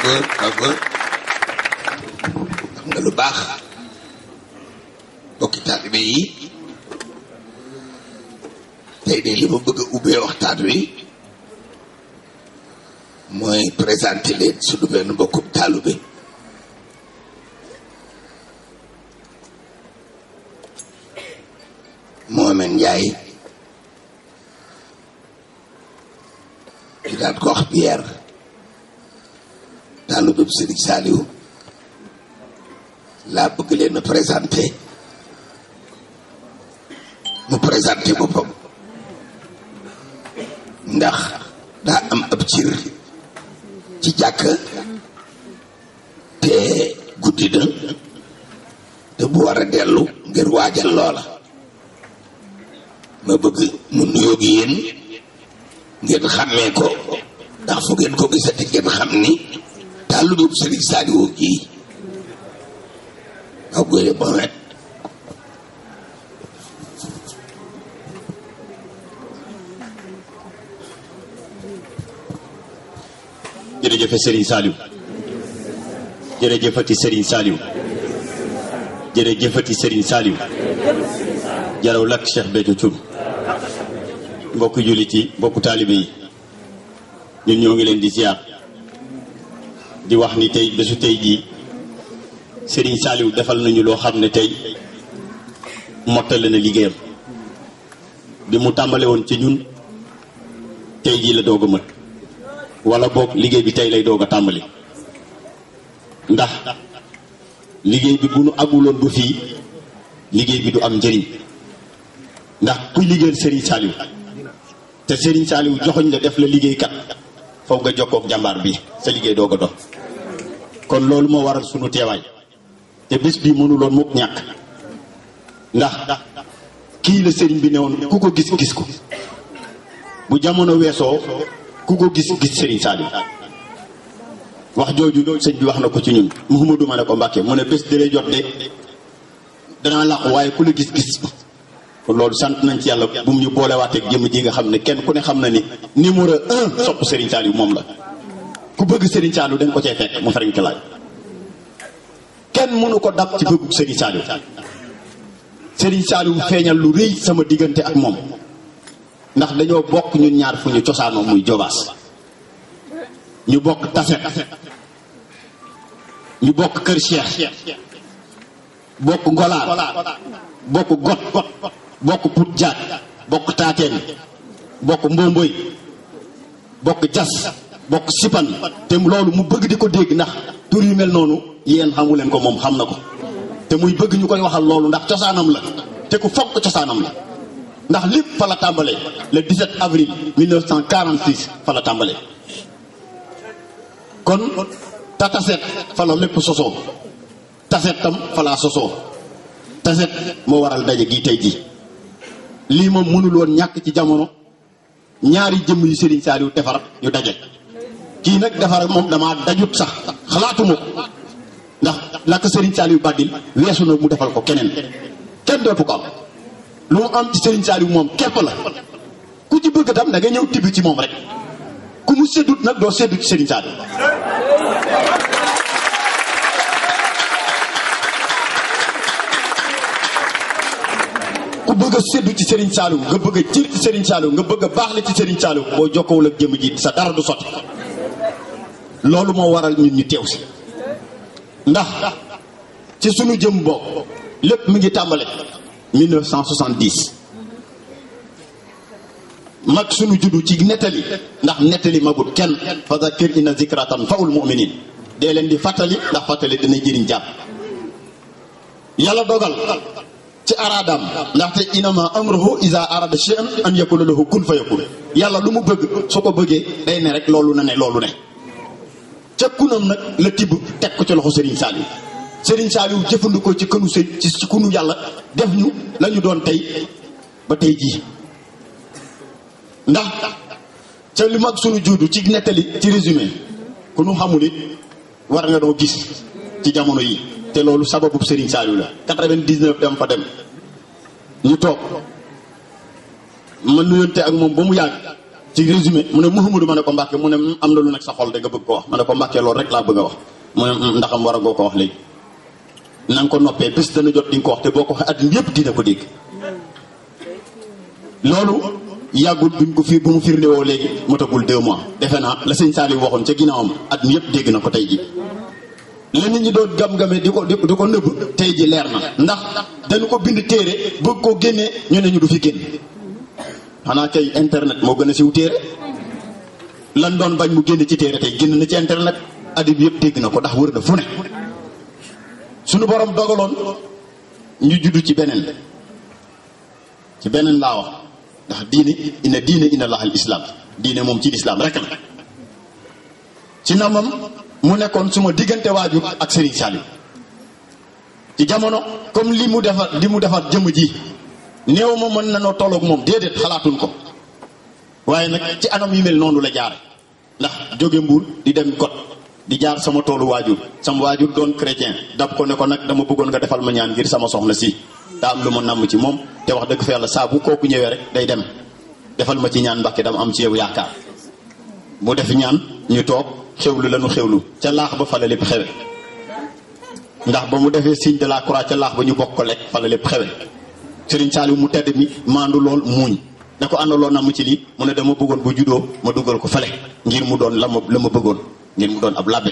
xafa nga lu baax bokki taalibe yi tey de li ma bëgg a ubbee waxtaan wi mooy présenté leen suñu benn mbokkum taalibe Mohamed Ndiaye di daan ko wax Pierre taalubeb Sëriñ Saaliwu laa bëgg leen présenté mu présenté boppam ndax daa am ab cir ci jàkk te guddi na te bu war a dellu ngir waajal loola ma bëgg mu nuyoog yéen ngeen xàmmee ko ndax fu ngeen ko gisati ngeen xam ni daal lu dul Serigne jërëjëf Serigne Saliou jërëjëfati Serigne Saliou jërëjëfati Serigne Saliou jaraw lakk Cheikh Béthio Thioune mbokku jullit yi mbokku yi ñun ñoo ngi leen di di wax ni tey bésu tey jii sëriñ Saliou defal nañu loo xam ne tey mottale na liggéeyam bi mu tàmbale woon ci ñun tey jii la doog a mët wala boog liggéey bi tey lay doog a tàmbali ndax liggéey bi bu nu aguloon ba fii liggéey bi du am njëriñ ndax kuy liggéeyal Serigne Saliou te Serigne Saliou joxoñ la def la liggéeykat foog nga jokkoog jàmbaar bi sa liggéey doog a dox kon loolu moo waral sunu teewaay te bés bi mënuloon mukk ñàkk ndax kii la sëriñ bi ne woon ku ko gis gis ko bu jamono weesoo ku ko gis gis sëriñ Saliou wax jooju sëñ bi wax na ko ci ñun Mouhamadou ma ne ko Mbàkke mu ne bés dalee jot de danaa làqu waaye ku la gis gis kon loolu sant nañ ci yàlla bu mu ñu boolewaatee jëm ji nga xam ne kenn ku ne xam na ni numéro un sopp sëriñ Saliou moom la ku bëgg serigne Saliou dañ ko cey fekk mu sëriñ Kalaay kenn mënu ko dab ci bëgg serigne Saliou serigne Saliou feñal lu rëy sama digënté ak mom ndax dañoo bok ñun ñaar fu ñu cosaanoo muy jobaas ñu bok tafet ñu bok kër cheikh bok ngolar bok got bok putjat bok taten bok mbomboy bok jass bokk sipan te loolu mu bëgg di ko dégg ndax tur yu mel noonu yéen xamu leen ko moom xam na ko te muy bëgg ñu koy waxal loolu ndax cosaanam la te ku fokk cosaanam la ndax lépp fa la tàmbalee le 17 avril 1946 fa la tàmbalee kon tataset fa la lépp sosoo taset tam fa laa sosoo taset moo waral daje gi tey ji lii moom mënul woon ñàkk ci jamono ñaari jëmm yu Serigne Saliou defar ñu daje kii nag defar moom damaa dajut sax xalaatuma ndax ndax lakk Serigne Saliou Badil weesu na mu defal ko keneen kenn dootu ko am lu mu am ci Serigne Saliou moom képp la ku ci bëgg tam da nga ñëw tibb ci moom rek ku mu séddut nag doo séddu ci Serigne Saliou ku ci Serigne Saliou nga bëgg a ci Serigne Saliou nga bëgg a baax la ci Serigne Saliou boo jokkoowul ak jëm ji sa dara du sotti loolu moo waral ñun ñu teew si ndax ci sunu jëm bopp lépp mi ngi tàmbale 1970 mag sunu juddu ci nettali ndax nettali magut kenn fa zakir inna zikra tanfaul muminin dee leen di fàttali ndax fàttali dina jëriñ jàpp yàlla dogal ci araadaam ndaxte inama amruhu isa arada shay'an an yakuna lahu kun fayakun yàlla lu mu bëgg su ko bëggee day ne rek loolu na ne loolu ne ca kunam nag la tibb teg ko ci loxo Serigne Saliou Serigne Saliou jëfandikoo ci kënu sëñ ci kunu yàlla def ñu la doon tey ba tey jii ndax ca li mag sunu juddu ci nettali ci résumé ku nu xamu it war nga doo gis ci jamono yi te loolu sababu sëriñ Saliou la 99 dem fa dem ñu toog ma nuyonte ak moom ba mu yàgg ci résumé mu ne Mouhamadou ma ne ko Mbàkke mu ne am na lu nekk sa xol de nga bëgg ko wax ma ne ko Mbàkke loolu rek laa bëgg a wax mu ne mm, ndaxam war a ko wax léegi na nga ko noppee bis jot di nga ko wax te boo ko waxee at yëpp ko dégg loolu yàggul buñ ko fii bu mu firnde woo léegi matagul deux mois defe naa la sëñ Saliou waxoon ca ginnaawam at yëpp dégg na ko tey ji la nit ñi doon gam-game di ko di ko nëbb tey ji leer na ndax dañu ko bind téere bëgg koo génnee ñu ne ñu du fi génn xanaa kay internet moo gën a siw téere lan doon bañ mu génn ci téere tey génn na ci internet adib yëpp dégg na ko ndax wër na fu ne suñu borom dogaloon ñu ci beneen ci beneen laa wax ndax diine ina diine ina laxal islam diine moom ci islaam rek la ci namam mu nekkoon suma diggante waajur ak Serigne Saliou ci jamono comme li mu defar li mu defar jëmm ji néew ma mën na nañoo tolloog moom déedéet xalaatuñ ko waaye nag ci anam yu mel noonu la jaar ndax jóge mbuur di dem kot di jaar sama toolu waajur sama waajur doon chrétien dab ko ne ko nag dama bëggoon nga defal ma ñaan ngir sama soxna si daa am lu ma namm ci moom te wax dëgg fa yàlla saa kooku ñëwee rek day dem defal ma ci ñaan mbàkke dama am ci yow yaakaar mu def ñaan ñu toog xewlu lanu xewlu ca laax ba fala lépp xewe ndax ba mu defee signe de la croix ca laax ba ñu ko lekk fala lépp xewe Serigne Saliou mu tedd mi maandu lool muuñ ne ko ànd lool na mu ci lii mu ne dama bëggoon bu juddoo ma dugal ko fale ngir mu doon la ma la ma bëggoon ngir mu doon ab labbe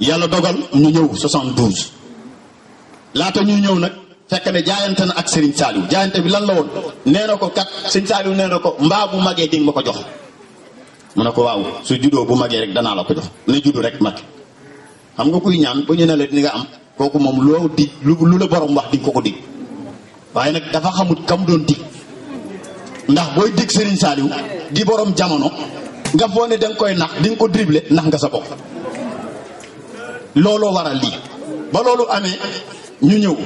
yàlla dogal ñu ñëw 72 laata ñuy ñëw nag fekk ne jaayante ak Serigne Saliou bi lan la woon nee ko kat Serigne Saliou nee ko mbaa bu magee di nga ma ko jox mu ne ko waaw su juddoo bu magee rek danaa la ko jox ne juddu rek mag xam nga kuy ñaan boo ñu ne la di nga am kooku moom loo di lu la borom wax di ko ko dig. waaye nag dafa xamut kam doon dig ndax booy dig Serigne Saliou di boroom jamono nga foo ne danga koy nax di ko dribble ndax nga sa bopp looloo waral lii ba loolu amee ñu ñëw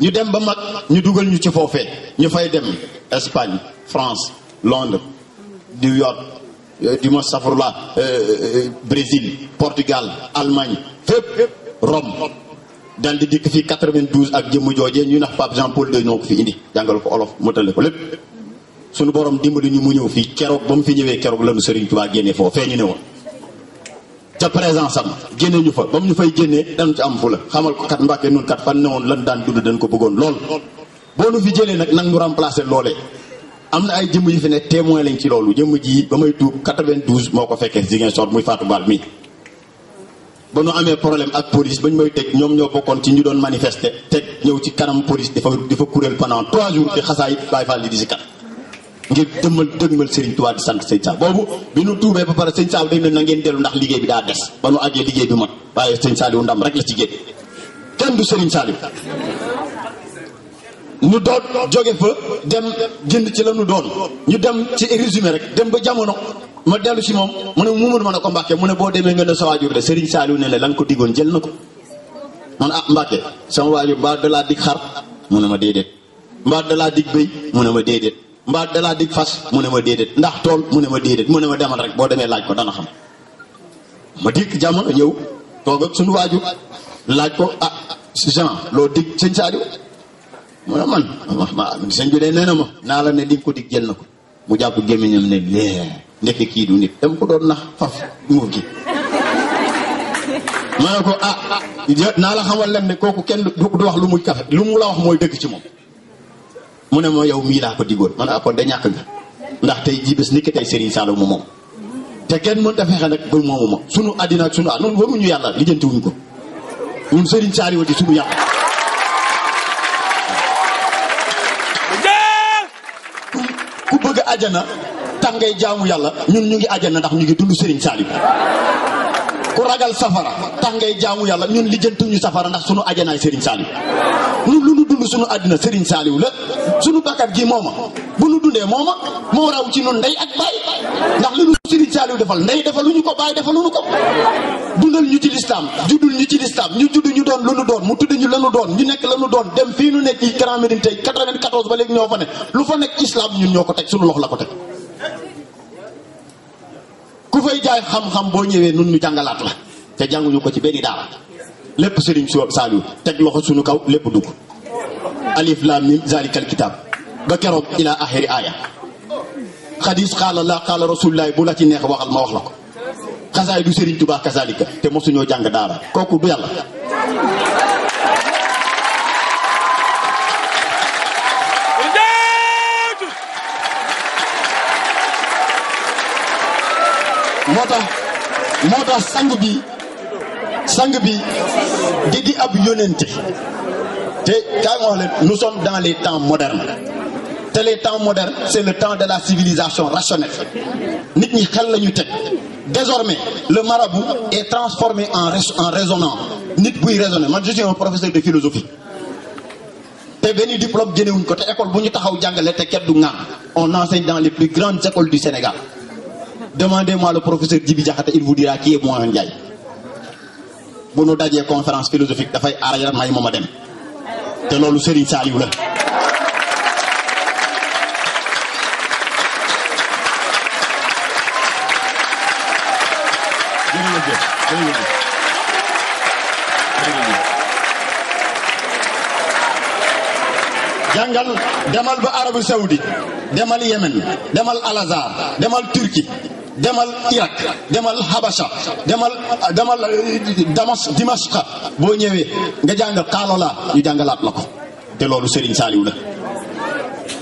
ñu dem ba mag ñu dugal ñu ci foofee ñu fay dem Espagne France Londres New York di ma safurla Brésil Portugal Allemagne fépp Rome dal di dikk fii 92 ak jëmm joojee ñu nax Pape Jean Paul II ko fi indi jàngal ko olof motale ko lépp suñu borom dimbali ñu mu ñëw fii keroog ba mu fi ñëwee keroog lanu Serigne Touba génnee foofu fee ñu ne woon ca présence am génne ñu fa ba mu ñu fay génnee dañu ci am fu la xamal ko kat Mbàkke nun kat fan ne woon lan daan dund dañ ko bëggoon lool boo nu fi jëlee nag nag ñu remplacé loole am na ay jëmm yu fi ne témoin lañ ci loolu jëmm ji ba may tuub 92 moo ko fekkee Ziguinchor muy Fatou Bal mi ba nu amee problème ak police ba ñu may teg ñoom ñoo bokkoon ci ñu doon manifester teg ñëw ci kanam police dafa dafa kuréel pendant trois jours te xasaay Baye Fall di si kat ngir dëmmal dëgmal Serigne Touba di sant sëñ Sall boobu bi nu tuubee ba pare sëñ Sall day na ngeen dellu ndax liggéey bi daa des ba nu àggee liggéey bi mot waaye sëñ Saliou ndam rek la ci génn kenn du Serigne Saliou ñu doon joge fa dem jënd ci la ñu doon ñu dem ci résumé rek dem ba jamono. ma dellu si moom mu a Momadou ma ne ko Mbacke mu ne boo demee nga ne sa waajur de Serigne Saliou ne la la nga ko diggoon jël na ko man ah Mbacke sama waajur mbaa dalaa dig xar mu ne ma déedéet mbaa dalaa dig béy mu ne ma déedéet mbaa dalaa dig fas mu ne ma déedéet ndax tool mu a ma déedéet mu ne ma demal rek boo demee laaj ko dana xam ma dikk jamono ñëw toog ak suñu waajur laaj ko ah Jean loo dig sëñ Saliou mu ne man ma sëñ bi de nee na ma naa la ne di nga ko dig jël na ko mu jàpp gémmiñam ne ndeke kii du nit dama ko doon nax faf nguur gi ma ne ko ah, ah naa la xamal leen ne kooku kenn du wax lu muy kafe lu mu la wax mooy dëgg ci moom mu ne ma yow mii laa ko digoon man a ah, kon da ñàkk nga ndax tey ji bés ni ki Serigne Saloum moom te kenn mënut fexe nag ba moomu ma sunu àddina ak sunu ah noonu waruñu yàlla lijjanti wuñ ko ñun Serigne Saliou di sunu yàlla. ku bëgg àjjana. tax ngay jaamu yàlla ñun ñu ngi àjjana ndax ñu ngi dund Serigne Saliou ku ragal safara tax ngay jaamu yàlla ñun lijjantuñu safara ndax suñu àjjanaay Serigne Saliou ñun lu ñu dund sunu àddina Serigne Saliou la sunu bakkat gi mooma bu nu dundee mooma moo raw ci noonu ndey ak baay ndax lu nu Serigne Saliou defal ndey defaluñu ko baay defaluñu ko dundal ñu ci lislaam juddul ñu ci lislaam ñu judd ñu doon lu nu doon mu tudd ñu lanu doon ñu nekk lanu doon dem fii nu nekk yi Grand Médine tey lu fa nekk islam ñoo ko teg sunu loxo la ko teg ku fay jaay xam-xam boo ñëwee nun ñu jàngalaat la te jànguñu ko ci benn daara lépp sëriñ su Saliou teg loxo suñu kaw lépp dugg alif lam mim zalikal kitab ba keroog ila axiri aaya xadis xaala la xaala rasulillahi bu la ci neex waxal ma wax la ko xasaay du sëriñ Tuubaa kasalika te mosuñoo jàng daara kooku du yàlla moo tax sang bi sang bi di di ab yonenté té kaay wax leen nous sommes dans les temps modernes té les temps modernes c'est le temps de la civilisation rationnelle nit ñi xel lañu ñu désormais le marabout est transformé en en raisonnant nit buy raisonner man je suis un professeur de philosophie té béni diplôme génnewuñ ko té école buñu ñu taxaw jàngale te keddu ngam on enseigne dans les plus grandes écoles du Sénégal Demandez-moi le professeur Djibi il vous dira qui est Mohamed Ndiaye. bu nu une conférence philosophique dafay aar C'est may moom a dem te loolu Serigne y la. jàngal demal ba Arabie Saoudite demal Yémen demal Al Azhar demal Turquie. demal Irak demal Habasha demal demal Damas Dimashqa bo ñewé nga jang kaalola ñu jàngalaat la udah, te loolu Serigne Saliou la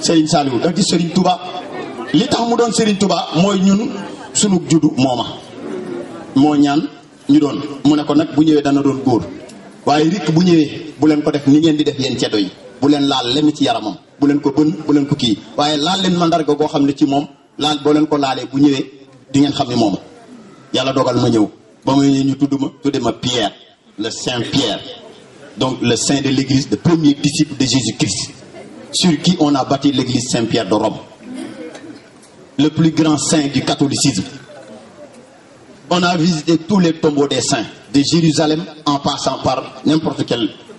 Serigne Saliou da di Serigne Touba li tax mu don Serigne Touba moy ñun suñu juddu moma mo ñaan ñu don mu ne ko nak bu dana don goor waye rik bu ñewé bu len ko def ni ngeen di def yeen ci doy bu len laal lem ci yaramam bu len ko bën bu len ko ki waye laal len mandar go xam ci mom laal bo len ko laalé bu ñewé le Saint Pierre donc le saint de l'église le premier disciple de Jésus-Christ sur qui on a bâti l'église Saint-Pierre de Rome le plus grand saint du catholicisme on a visité tous les tombeaux des saints de Jérusalem en passant par n'importe quel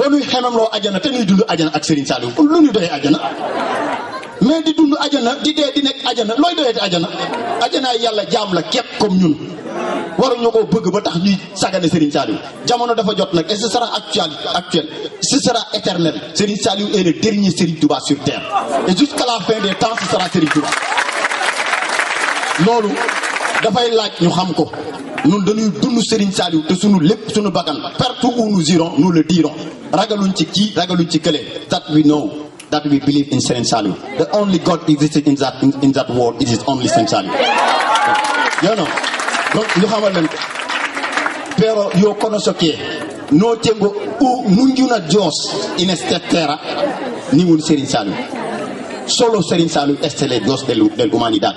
boo nuy xemam loo ajana te nuy dund ajana ak Serigne Saliou lu ñu doyee ajana mais di dund ajana di dee di nekk ajana looy doyee te ajana ajanaay yàlla jaam la képp comme ñun ñoo ko bëgg ba tax ñuy sagane Serigne Saliou jamono dafa jot nag et ce sera actuel actuel ce sera éternel Serigne Saliou est le dernier Serigne Touba sur terre et jusqu'à la fin des temps ce sera Serigne Touba loolu dafay laaj ñu xam ko ñun dañuy dund Serigne Saliou te sunu lépp baggan bakkan partout où nous irons nous le dirons ragaluñ ci kii ragaluñ ci kële that we know that we believe in Serigne Saliou the only God existed in that in that world it is only Serigne Saliou you know donc ñu xamal leen ko pero yo conosco que no tengo ninguna Dios en esta tierra ningún Serigne Saliou solo Serigne Saliou es el Dios de la humanidad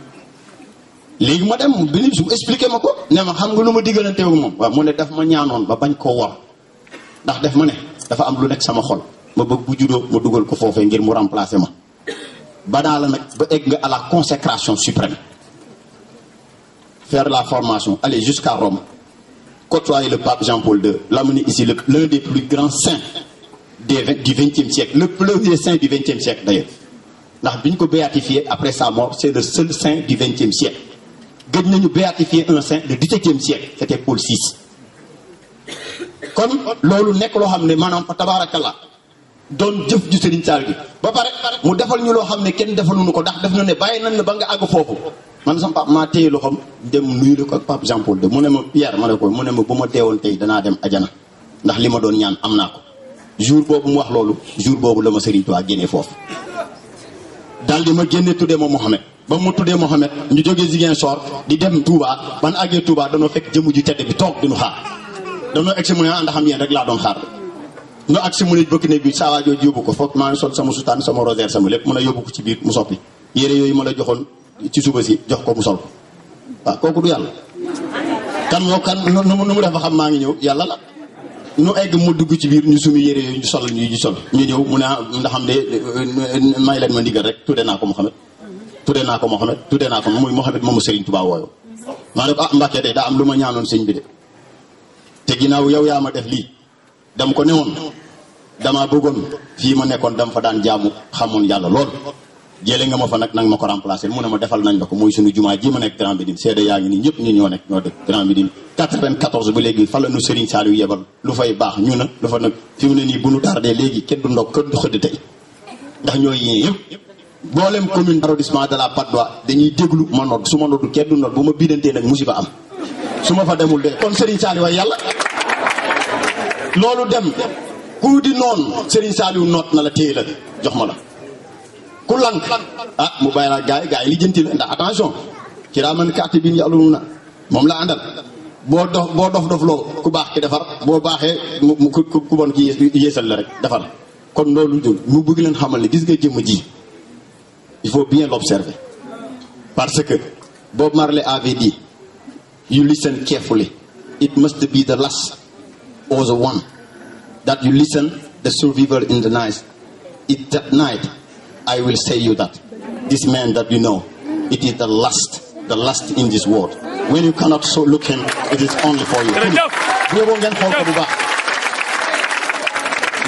léegi ma dem benn su expliqué ma ne ma xam nga luma ma diggalanteeg moom waaw mu ne daf ma ñaanon ba bañ ko war ndax def ma ne dafa am lu nekk sama xol ma bëgg bu juddoo ma dugal ko fofé ngir mu remplacer ma ba dala nak ba egg nga à la consécration suprême faire la formation aller jusqu'à Rome côtoyer le pape Jean-Paul II l'amener ici l'un des plus grands saints des du 20e siècle le premier saint du 20e siècle d'ailleurs ndax biñ ko béatifié après sa mort c'est le seul saint du 20e siècle gëj nañu béatifier un saint du dix e siècle c'était Paul VI Comme lolu nek lo xamné manam maanaam don tabaarakalla jëf ju Serigne Sall ba pare mu defal ñu lo xamné ne kenn defaluñu ko ndax def na ne bàyyi nañ la ba nga àgg fofu man sama pap ma maa téye xam dem nuyu la ko ak pape Jean Paul II mu ne ma Pierre ma ne ko mu ne ma bu ma deewoon tey danaa dem ajana ndax lima don ñaan amna ko jour bobu mu wax lolu jour bobu la ma Serigne Touba génnee fofu daal di ma génne tuddee mo Mohamed ba mu tuddee Mohamed ñu jógee Ziguinchor di dem Touba ban àggee Touba danoo fekk jëmu ju tedd bi toog duñu xaar danoo egg si mu ne ànd xam yéen rek laa doon xaar nga àgg si mu ne bëkk ne bi saa waajoo yóbbu ko foog maa ngi sol sama sutaan sama rosaire sama lépp mën a ko ci biir mu soppi yére yooyu ma la joxoon ci suba si jox ko mu sol waaw kooku du yàlla. kan moo kan nu mu nu mu def ba xam maa ngi ñëw yàlla la nu egg mu dugg ci biir ñu sumi yére yooyu sol ñu ñu sol ñu ñëw mu ne ah ndax xam de may leen ma ndigal rek tuddee naa ko Mohamed tuddee naa ko Mohamed tuddee naa ko muy Mohamed moomu Serigne Touba wooyo maa ne ko ah Mbacke de daa am lu ma ñaanoon sëñ bi de te ginnaaw yow yaa ma def lii dam ko newoon damaa bëggoon fii ma nekkoon dam fa daan jaamu xamoon yàlla lool jële nga ma fa nag nang ma ko remplacer mu ne ma defal nañ la ko mooy sunu jumaa ji ma nekk Grand Médine seede yaa ngi nii ñëpp ñu ñoo nekk ñoo dëkk Grand Médine 94 ba léegi fa la nu Serigne Saliou yebal lu fay baax ñu na lu fa nag fi mboolem commune arrondissement de la Patte dañuy déglu ma nodd su ma noddu kenn du bu ma biirantee nag musiba am su ma fa demul de kon Serigne Saliou way yàlla loolu dem ku di noon Serigne Saliou noot na la téye la jox ma la ku lank a ah, mu a la gaay gaay li jënti la ndax attention ci raa man carte bi yàllu na moom la àndal boo dof boo dof dof loo ku baax ki defar boo baaxee mu ku bon ki yéesal la rek defar kon loolu jul mu bëgg leen xamal ne gis nga jëmm ji Il faut bien l'observer. Parce que Bob Marley avait dit, You listen carefully. It must be the last or the one that you listen the survivor in the night. It that night I will say you that this man that you know, it is the last, the last in this world. When you cannot so look him, it is only for you.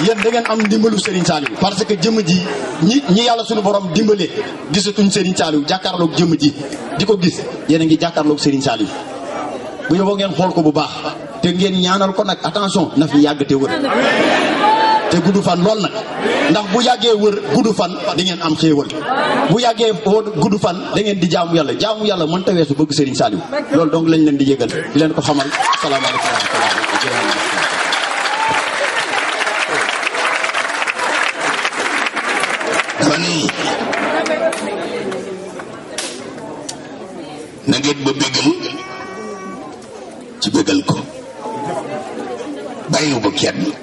yeen da ngeen am dimbalu Serigne Saliou parce que jëm ji ñi ñi yalla suñu borom dimbalé gisatuñ Serigne Saliou jàkkaarloog jëm ji diko gis yeen nga jakarlo jàkkaarloog Serigne Saliou bu yóbboo ngeen xol ko bu baax te ngeen ñaanal ko nak attention na fi yàgg te wër te gudd fan lol nak ndax bu yagge wër gudd fan da ngeen am xéewal bu yagge wër fan da ngeen di jaamu yalla jaamu yalla mën ta wessu bëgg Serigne Saliou lol donc lañ leen di yëgal di leen ko xamal assalamu alaykum nii na ngeen ma bëggal ci bëggal ko bàyyiwu ma kenn